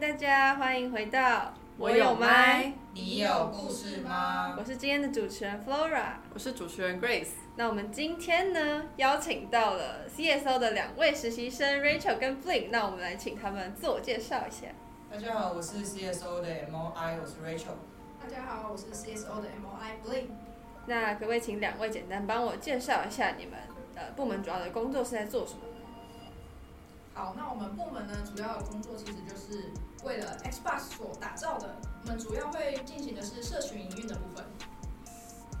大家歡迎回到我有麥，我有麥，你有故事嗎？我是今天的主持人 Flora，我是主持人 Grace。那我們今天呢，邀請到了 CSO 的兩位實習生 Rachel 跟 Blin。那我們來請他們自我介紹一下。大家好，我是 CSO 的 M O I，我是 Rachel。大家好，我是 CSO 的 M O I Blin。那可不可以請兩位簡單幫我介紹一下你們呃部門主要的工作是在做什麼？好，那我們部門呢，主要的工作其實就是為了 Xbox 所打造的。我們主要會進行的是社群營運的部分。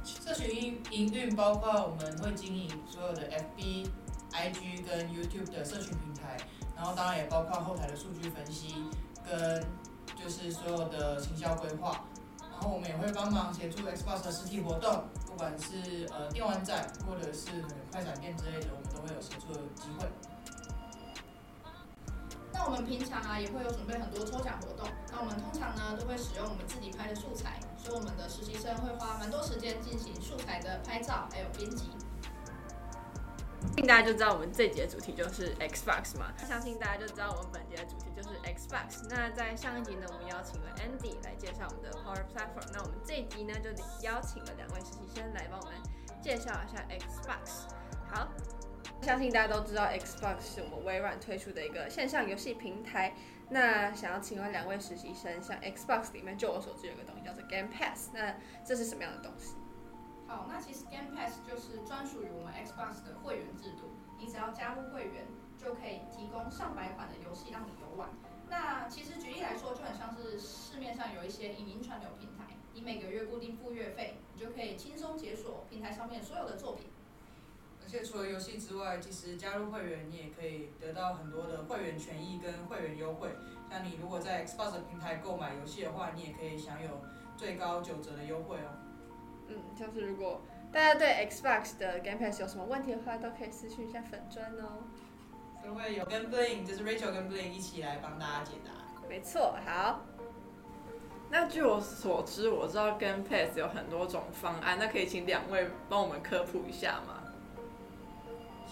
社群營運包括我們會經營所有的 FB、IG 跟 YouTube 的社群平台，然後當然也包括後台的數據分析，跟就是所有的行銷規劃。然後我們也會幫忙協助 Xbox 的實體活動，不管是呃電玩展或者是快閃店之類的，我們都會有協助的機會。我們平常啊也會有準備很多抽獎活動，那我們通常呢都會使用我們自己拍的素材，所以我們的實習生會花蠻多時間進行素材的拍照還有編輯。相信大家就知道我們這集的主題就是 Xbox 嘛，相信大家就知道我們本集的主題就是 Xbox。那在上一集呢，我們邀請了 Andy 來介紹我們的 Power Platform，那我們這集呢就邀請了兩位實習生來幫我們介紹一下 Xbox。好。相信大家都知道，Xbox 是我們微軟推出的一個線上遊戲平台。那想要請問兩位實習生，像 Xbox 裡面，就我所知有個東西叫做 Game Pass，那這是什麼樣的東西？好，那其實 Game Pass 就是專屬於我們 Xbox 的會員制度。你只要加入會員，就可以提供上百款的遊戲讓你遊玩。那其實舉例來說，就很像是市面上有一些影音串流平台，你每個月固定付月費，你就可以輕鬆解鎖平台上面所有的作品。而且除了遊戲之外，其實加入會員你也可以得到很多的會員權益跟會員優惠。像你如果在 Xbox 平台購買遊戲的話，你也可以享有最高九折的優惠哦。嗯，就是如果大家對 Xbox 的 Game Pass 有什麼問題的話，都可以私訊一下粉專哦。都會有跟 Blin，就是 Rachel 跟 Blin 一起來幫大家解答。沒錯，好。那據我所知，我知道 Game Pass 有很多種方案，那可以請兩位幫我們科普一下嗎？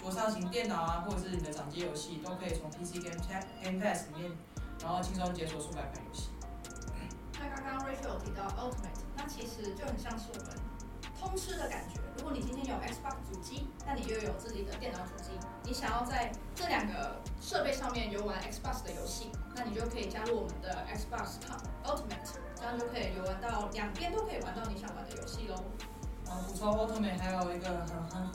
桌上型電腦啊，或者是你的掌機遊戲，都可以從 PC Game Pass 裡面，然後輕鬆解鎖數百款遊戲。那剛剛 Rachel 有提到 Ultimate，那其實就很像是我們通吃的感覺。如果你今天有 Xbox 主機，那你又有自己的電腦主機，你想要在這兩個設備上面遊玩 Xbox 的遊戲，那你就可以加入我們的 Xbox Ultimate，這樣就可以遊玩到兩邊都可以玩到你想玩的遊戲嘍。然後補充 Ultimate 還有一個很很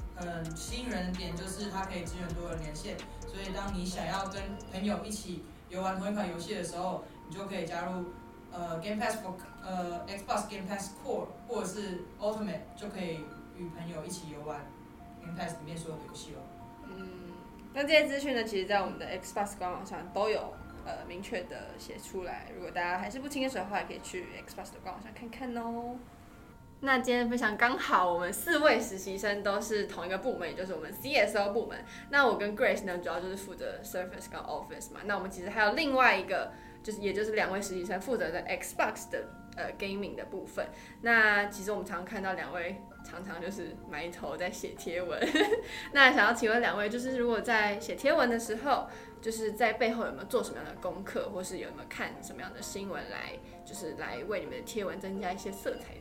很吸引人的點，就是它可以支援多人連線。所以當你想要跟朋友一起遊玩同一款遊戲的時候，你就可以加入呃 Game Pass Book 呃 Xbox Game Pass Core 或者是 Ultimate，就可以與朋友一起遊玩 Game Pass 裡面所有的遊戲了。嗯，那這些資訊呢，其實在我們的 Xbox 官網上都有呃明確的寫出來。如果大家還是不清楚的話，也可以去 Xbox 的官網上看看哦。那今天的分享剛好我們四位實習生都是同一個部門，也就是我們 CSO 部門。那我跟 Grace 呢，主要就是負責 Surface 跟 Office 嘛。那我們其實還有另外一個，就是也就是兩位實習生負責在 Xbox 的呃 Gaming 的部分。那其實我們常看到兩位常常就是埋頭在寫貼文。 那想要請問兩位，就是如果在寫貼文的時候，就是在背後有沒有做什麼樣的功課，或是有沒有看什麼樣的新聞來，就是來為你們的貼文增加一些色彩？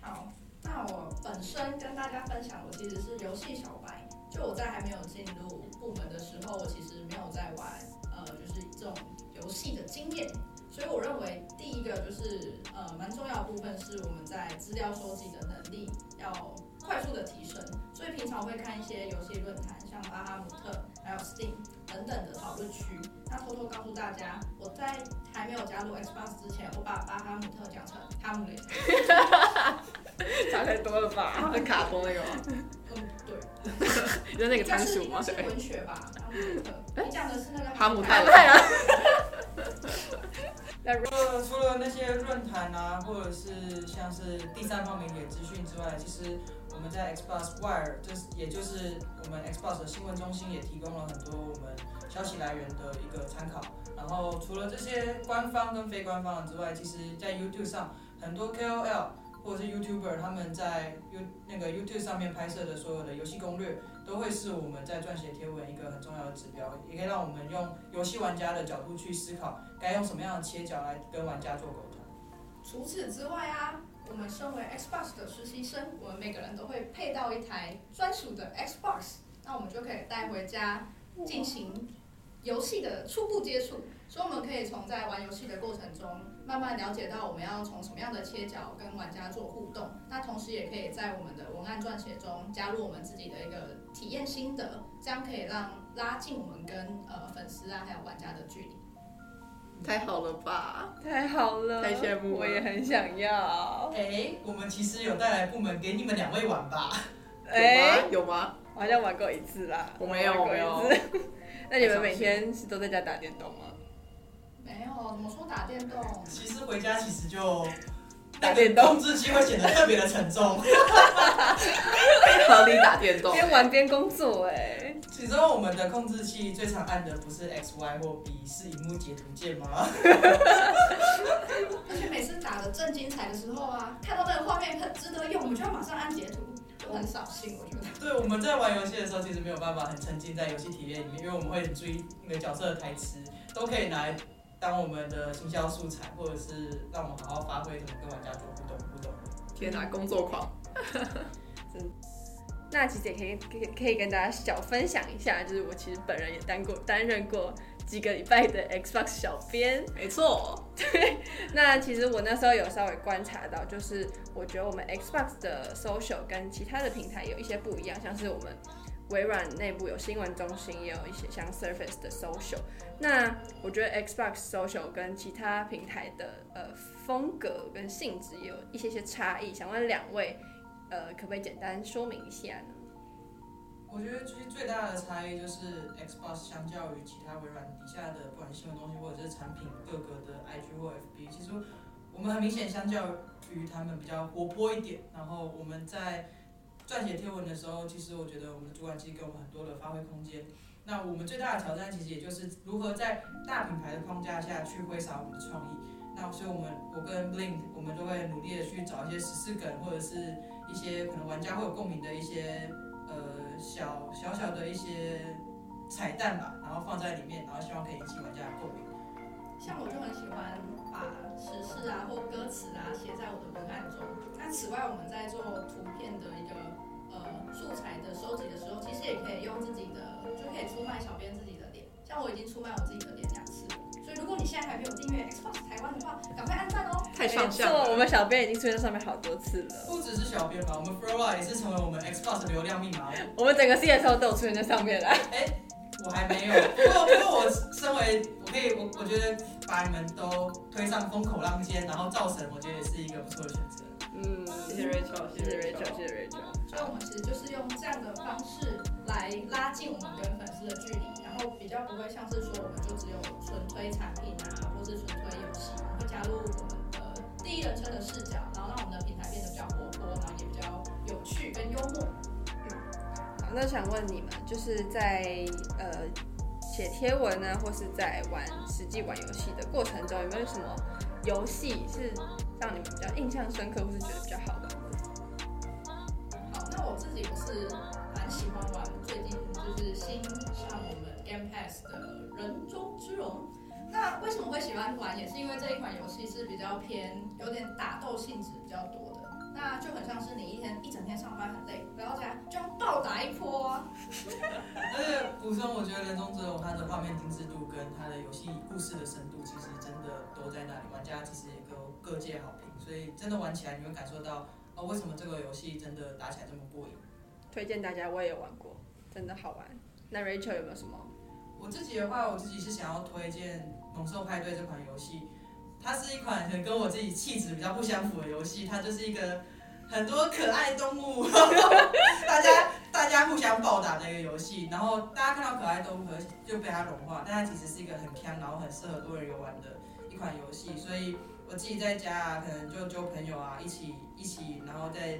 好，那我本身跟大家分享，我其實是遊戲小白。就我在還沒有進入部門的時候，我其實沒有在玩，呃，就是這種遊戲的經驗。所以我認為第一個就是，呃，蠻重要的部分是我們在資料收集的能力要快速的提升。所以平常會看一些遊戲論壇，像巴哈姆特，還有 Steam。等等的討論區，他偷偷告訴大家，我在還沒有加入 Xbox 之前，我把巴哈姆特講成哈姆雷特， 差太多了吧？很卡通那個嗎？嗯，對。你說那個倉鼠嗎？你是是文學吧，巴哈姆特。哎、欸，你講的是那個哈姆太、啊啊、 了。除了除了那些論壇啊，或者是像是第三方媒體資訊之外，其實。我們在 Xbox Wire 就是，也就是我們 Xbox 的新聞中心，也提供了很多我們消息來源的一個參考。然後除了這些官方跟非官方的之外，其實在 YouTube 上很多 KOL 或者是 YouTuber 他們在 You 那個 YouTube 上面拍攝的所有的遊戲攻略，都會是我們在撰寫貼文一個很重要的指標，也可以讓我們用遊戲玩家的角度去思考，該用什麼樣的切角來跟玩家做溝通。除此之外啊，我們身為 Xbox 的實習生，我們每個人都會配到一台專屬的 Xbox，那我們就可以帶回家進行遊戲的初步接觸。所以我們可以從在玩遊戲的過程中，慢慢了解到我們要從什麼樣的切角跟玩家做互動。那同時也可以在我們的文案撰寫中加入我們自己的一個體驗心得，這樣可以讓拉近我們跟呃粉絲啊還有玩家的距離。太好了吧！太好了，太羨慕，哇我也很想要。哎、欸，我們其實有帶來部門給你們兩位玩吧？哎、欸，有嗎？我好像玩過一次啦。我沒有，我，我沒有。 那你們每天是都在家打電動嗎？沒有，怎麼說打電動？其實回家其實就打電動，控制機會顯得特別的沉重。哈哈，合理打電動，邊玩邊工作、欸，哎。其中我們的控制器最常按的不是 X Y 或 B，是螢幕截圖鍵嗎？ 而且每次打得正精彩的時候啊，看到那個畫面很值得用，我們就要馬上按截圖，就很掃興。我覺得。 對，我們在玩遊戲的時候，其實沒有辦法很沉浸在遊戲體驗裡面，因為我們會很注意那個角色的台詞，都可以拿來當我們的行銷素材，或者是讓我們好好發揮，怎麼跟玩家做互動，互動。天哪、啊，工作狂。 那其實也可以可以，可以跟大家小分享一下，就是我其實本人也擔過擔任過幾個禮拜的 Xbox 小編，沒錯。對，那其實我那時候有稍微觀察到，就是我覺得我們 Xbox 的 Social 跟其他的平台有一些不一樣，像是我們微軟內部有新聞中心，也有一些像 Surface 的 Social。那我覺得 Xbox Social 跟其他平台的呃風格跟性質也有一些些差異，想問兩位，呃，可不可以簡單說明一下呢？我覺得其實最大的差異就是 Xbox 相較於其他微軟底下的不管新聞東西或者是產品各個的 IG 或 FB，其實我們很明顯相較於他們比較活潑一點。然後我們在撰寫貼文的時候，其實我覺得我們的主管其實給我們很多的發揮空間。那我們最大的挑戰其實也就是如何在大品牌的框架下去揮灑我們的創意。那、啊、所以我，我們我跟 Blink 我們就會努力的去找一些時事梗，或者是一些可能玩家會有共鳴的一些呃小小小的一些彩蛋吧，然後放在裡面，然後希望可以引起玩家的共鳴。像我就很喜歡把時事啊或歌詞啊寫在我的文案中。那此外，我們在做圖片的一個、呃、素材的收集的時候，其實也可以用自己的，就可以出賣小編自己的臉。像我已經出賣我自己的臉了。如果你現在還沒有訂閱 Xbox 台灣的話，趕快按讚哦、喔！太香了，沒我們小編已經出現在上面好多次了。欸、了次了不只是小編吧，我們 Flora 也是成為我們 Xbox 的流量密碼。我們整個 CSO 都有出現在上面了。哎、欸，我還沒有，不過不過我身為我可以我我覺得把你們都推上風口浪尖，然後造神，我覺得也是一個不錯的選擇。嗯，謝謝 Rachel，謝謝 Rachel，謝謝 Rachel。所以，我們其實就是用這樣的方式來拉近我們跟粉絲的距離，然後比較不會像是說我們就只有純推產品啊，或是純推遊戲，我們會加入我們的第一人稱的視角，然後讓我們的平台變得比較活潑，然後，然後也比較有趣跟幽默。嗯，好，那想問你們，就是在呃寫貼文呢、啊，或是在玩實際玩遊戲的過程中，有沒有什麼遊戲是？讓你們比較印象深刻，或是覺得比較好的？好，那我自己也是蠻喜歡玩，最近就是新上我們 Game Pass 的《人中之龍》。那為什麼會喜歡玩？也是因為這一款遊戲是比較偏有點打鬥性質比較多的。那就很像是你一天一整天上班很累，然後這樣就暴打一波啊。而且 古生，我覺得《人中之龍》它的畫面精緻度跟它的遊戲故事的深度，其實真的都在那裡。玩家其實也，各界好評，所以真的玩起來你會感受到哦，為什麼這個遊戲真的打起來這麼過癮？推薦大家，我也玩過，真的好玩。那 Rachel 有沒有什麼？我自己的話，我自己是想要推薦《猛獸派對》這款遊戲，它是一款可能跟我自己氣質比較不相符的遊戲，它就是一個很多可愛動物，呵呵大家大家互相暴打的一個遊戲，然後大家看到可愛動物和就被它融化，但它其實是一個很 c 然後很適合多人遊玩的一款遊戲，所以。我自己在家啊，可能就揪朋友啊，一起一起，然後在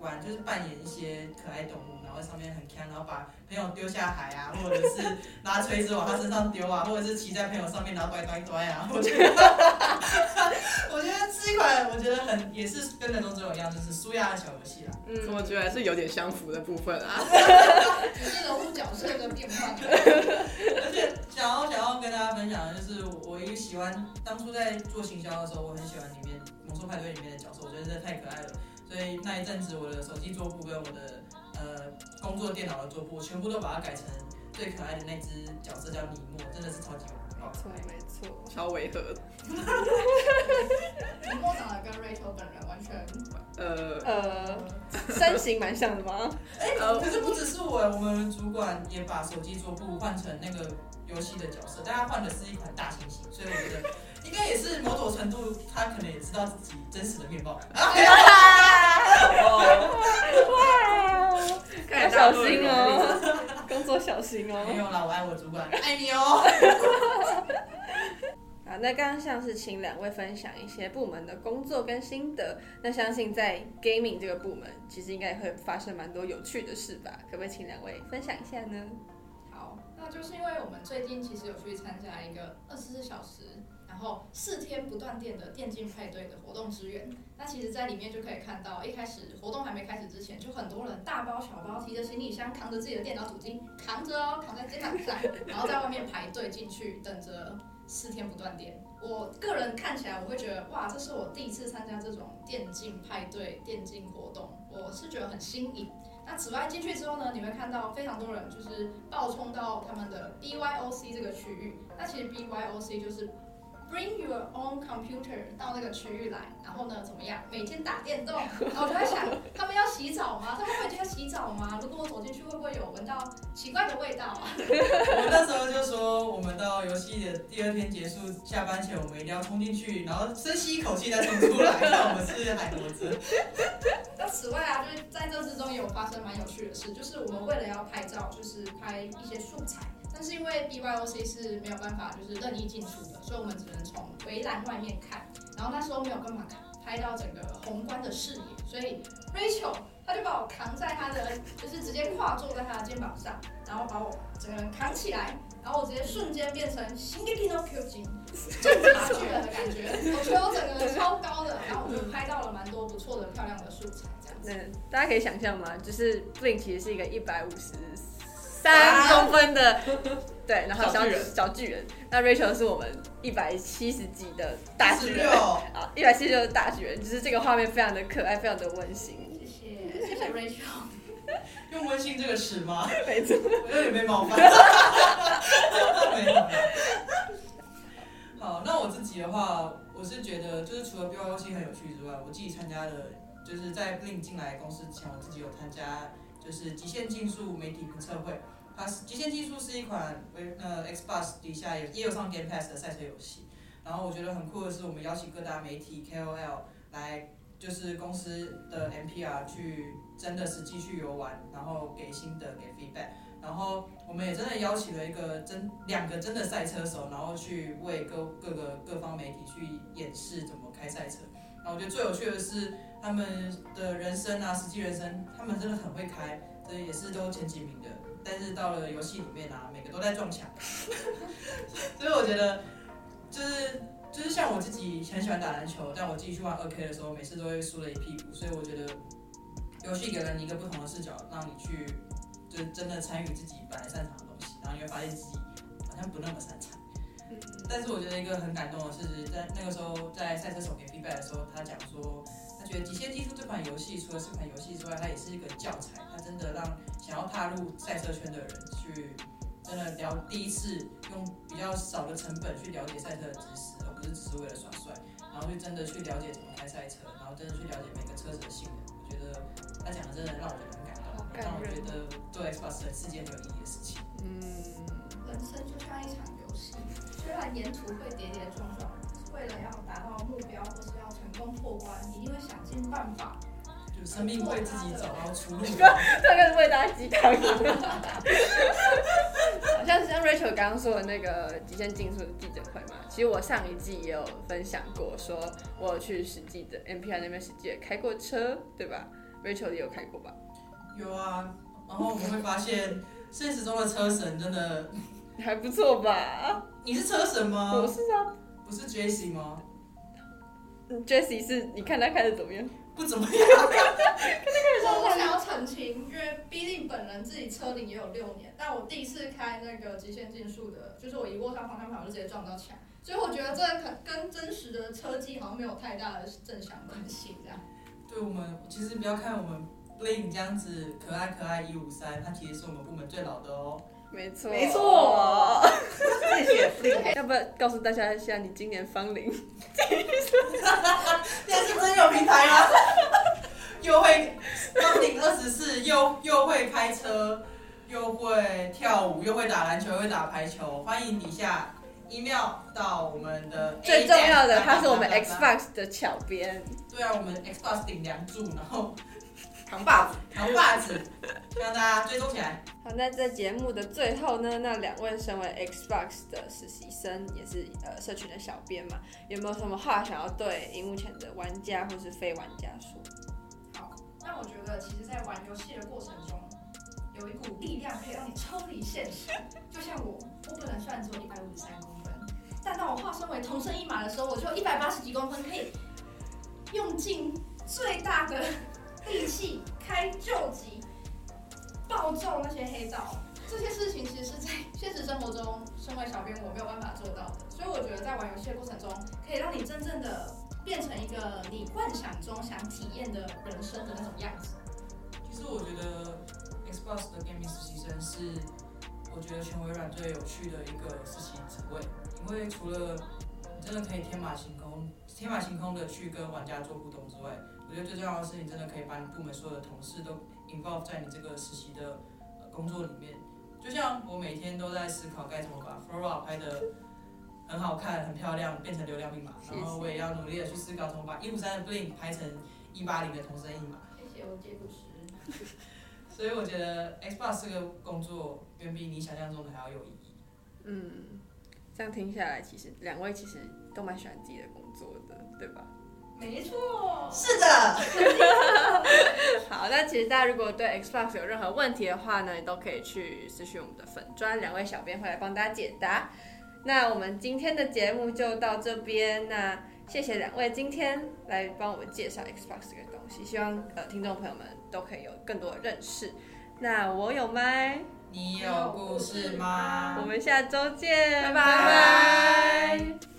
玩，就是扮演一些可愛動物，然後上面很 can，然後把朋友丟下海啊，或者是拿錘子往他身上丟啊，或者是騎在朋友上面然後乖乖乖啊。我覺得， 我覺得這一款我覺得很也是跟人中之龍一樣，就是舒壓的小遊戲啦。嗯，我覺得還是有點相符的部分啊。哈哈只是人物角色的變化。 想要想要跟大家分享的就是，我一個喜歡當初在做行銷的時候，我很喜歡裡面《猛獸派對》裡面的角色，我覺得真的太可愛了。所以那一陣子，我的手機桌布跟我的呃工作電腦的桌布，全部都把它改成最可愛的那隻角色，叫李莫，真的是超喜歡。沒錯，沒錯，超違和。哈哈哈哈哈。尼莫長得跟瑞秋本人完全呃呃身形蠻像的嗎？哎、呃，可是不只是我，是 我們主管也把手機桌布換成那個。遊戲的角色，但他換的是一款大猩猩，所以我覺得應該也是某種程度，他可能也知道自己真實的面貌。小心哦、喔， 工作小心哦、喔。沒有了，我愛我主管，愛你哦、喔。 好，那剛剛像是請兩位分享一些部門的工作跟心得，那相信在 gaming 這個部門，其實應該也會發生蠻多有趣的事吧？可不可以請兩位分享一下呢？就是因為我們最近其實有去參加一個二十四小時，然後四天不斷電的電競派對的活動支援。那其實，在裡面就可以看到，一開始活動還沒開始之前，就很多人大包小包提着行李箱，扛着自己的電腦主機，扛着哦，扛在肩膀上，然後在外面排隊進去，等着四天不斷電。我個人看起來，我會覺得哇，這是我第一次參加這種電競派對、電競活動，我是覺得很新穎。那此外進去之後呢，你會看到非常多人就是爆衝到他們的 BYOC 這個區域。那其實 BYOC 就是 Bring Your Own Computer 到那個區域來，然後呢怎麼樣，每天打電動。 然後我就在想，他們要洗澡嗎？他們每天要洗澡嗎？如果我走進去，會不會有聞到奇怪的味道啊？我那時候就說，我們到遊戲的第二天結束下班前，我們一定要衝進去，然後深吸一口氣再衝出來，看我們是海螺子。 此外啊，就是在這之中也有發生蠻有趣的事，就是我們為了要拍照，就是拍一些素材，但是因為 BYOC 是沒有辦法就是任意進出的，所以我們只能從圍欄外面看，然後那時候沒有辦法拍到整個宏觀的視野，所以 Rachel 他就把我扛在他的，就是直接跨坐在他的肩膀上，然後把我整個人扛起來，然後我直接瞬間變成新的 King of Q 情，就爬巨人的感覺，我覺得我整個人超高的，然後我們拍到了蠻多不錯的、漂亮的素材。嗯，大家可以想象嗎？就是 Blin 其實是一個一百五十三公分的，啊、對，然後小小巨人，小巨人。那 Rachel 是我們一百七十幾的大巨人啊，一百七十六的大巨人，就是這個畫面非常的可愛，非常的溫馨。謝謝，謝謝 Rachel， 用溫馨這個詞嗎？沒錯，我有點被冒犯。好，那我自己的話，我是覺得就是除了標新很有趣之外，我自己參加了。就是在 Blin 進來的公司之前，我自己有參加，就是極限競速媒體評測會。它是極限競速是一款為呃 Xbox 底下也有上 Game Pass 的賽車遊戲。然後我覺得很酷的是，我們邀請各大媒體 KOL 來，就是公司的 MPR 去真的實際去遊玩，然後給心得，給 feedback。然後我們也真的邀請了一個真兩個真的賽車手，然後去為各各個各方媒體去演示怎麼開賽車。然後我覺得最有趣的是。他們的人生啊，實際人生，他們真的很會開，這也是都前幾名的。但是到了遊戲裡面啊，每個都在撞牆。 所以我覺得，就是就是像我自己很喜歡打籃球，但我繼續玩二 K 的時候，每次都會輸了一屁股。所以我覺得，遊戲給了你一個不同的視角，讓你去，就真的參與自己本來擅長的東西，然後你會發現自己好像不那麼擅長。 但是我覺得一個很感動的事，在那個時候在賽車手給 feedback 的時候，他講說。覺得《極限競速》這款遊戲，除了是款遊戲之外，它也是一個教材。它真的讓想要踏入賽車圈的人去，真的聊第一次用比較少的成本去了解賽車的知識，而、喔、不是只是為了耍帥，然後就真的去了解怎麼開賽車，然後真的去了解每個車子的性能。我覺得他講的真的讓我很感動，感讓我覺得對 Xbox 是件很有意義的事情。嗯，人生就像一場遊戲，雖然沿途會跌跌撞撞，但是為了要達到目標或是要關你一定會想盡辦法，就拼命為自己找到出路了。這個是為大家雞湯的。 好像是像 Rachel 剛剛說的那個極限競速的記者會嘛。其實我上一季也有分享過，說我有去實際的 MPR 那邊實際開過車，對吧？Rachel 也有開過吧？有啊。然後我們會發現現 實中的車神真的還不錯吧？你是車神嗎？不是啊。不是覺醒嗎？Jessie 是，你看他開的怎麼樣？不怎麼樣，可是，可哈哈！我想要澄清，因為畢竟本人自己車齡也有六年，但我第一次開那個極限競速的，就是我一握上方向盤我就直接撞到牆，所以我覺得這跟真實的車技好像沒有太大的正相關性這樣。對，我們其實不要看我們 Blin 這樣子可愛可愛一五三，它其實是我們部門最老的哦。沒錯、喔，沒錯。謝謝福要不要告訴大家一下，你今年芳齡？電視，電是真有平台嗎、啊？又會芳齡二十四，又又會開車，又會跳舞，又會打籃球，又會打排球。歡迎底下一秒到我們的、啊、最重要的，他是我們 Xbox 的小編。對啊，我們 Xbox 頂梁柱，然後。扛把子，扛把子，希望大家追蹤起來。 好，那在節目的最後呢，那兩位身為 Xbox 的實習生，也是呃社群的小編嘛，有沒有什麼話想要對熒幕前的玩家或是非玩家說？好，那我覺得其實，在玩遊戲的過程中，有一股力量可以讓你抽離現實。就像我，我不能算作一百五十三公分，但當我化身為童聲一馬的時候，我就一百八十幾公分，可以用盡最大的。力氣開救急，暴揍那些黑道，這些事情其實是在現實生活中身為小編我沒有辦法做到的，所以我覺得在玩遊戲的過程中，可以讓你真正的變成一個你幻想中想體驗的人生的那種樣子。其實我覺得 Xbox 的 Gaming 實習生是我覺得全微軟最有趣的一個實習職位，因為除了你真的可以天馬行空、天馬行空的去跟玩家做互動之外，我覺得最重要的是，你真的可以把你部門所有的同事都 involve 在你這個實習的、呃、工作裡面。就像我每天都在思考該怎麼把 flora 拍的很好看，很漂亮，變成流量密碼。然後我也要努力的去思考怎麼把一五三的 Blin 拍成一八零的同聲密碼。謝謝，我接不直。所以我覺得 Xbox 這個工作遠比你想象中的還要有意義。嗯，這樣聽下來，其實兩位其實都蠻喜歡自己的工作的，對吧？沒錯，是的。好，那其實大家如果對 Xbox 有任何問題的話呢，也都可以去私訊我們的粉專，兩位小編會來幫大家解答。那我們今天的節目就到這邊，那謝謝兩位今天來幫我們介紹 Xbox 這個東西，希望呃聽眾朋友們都可以有更多的認識。那我有麥，你有故事嗎？我們下週見，拜拜。拜拜。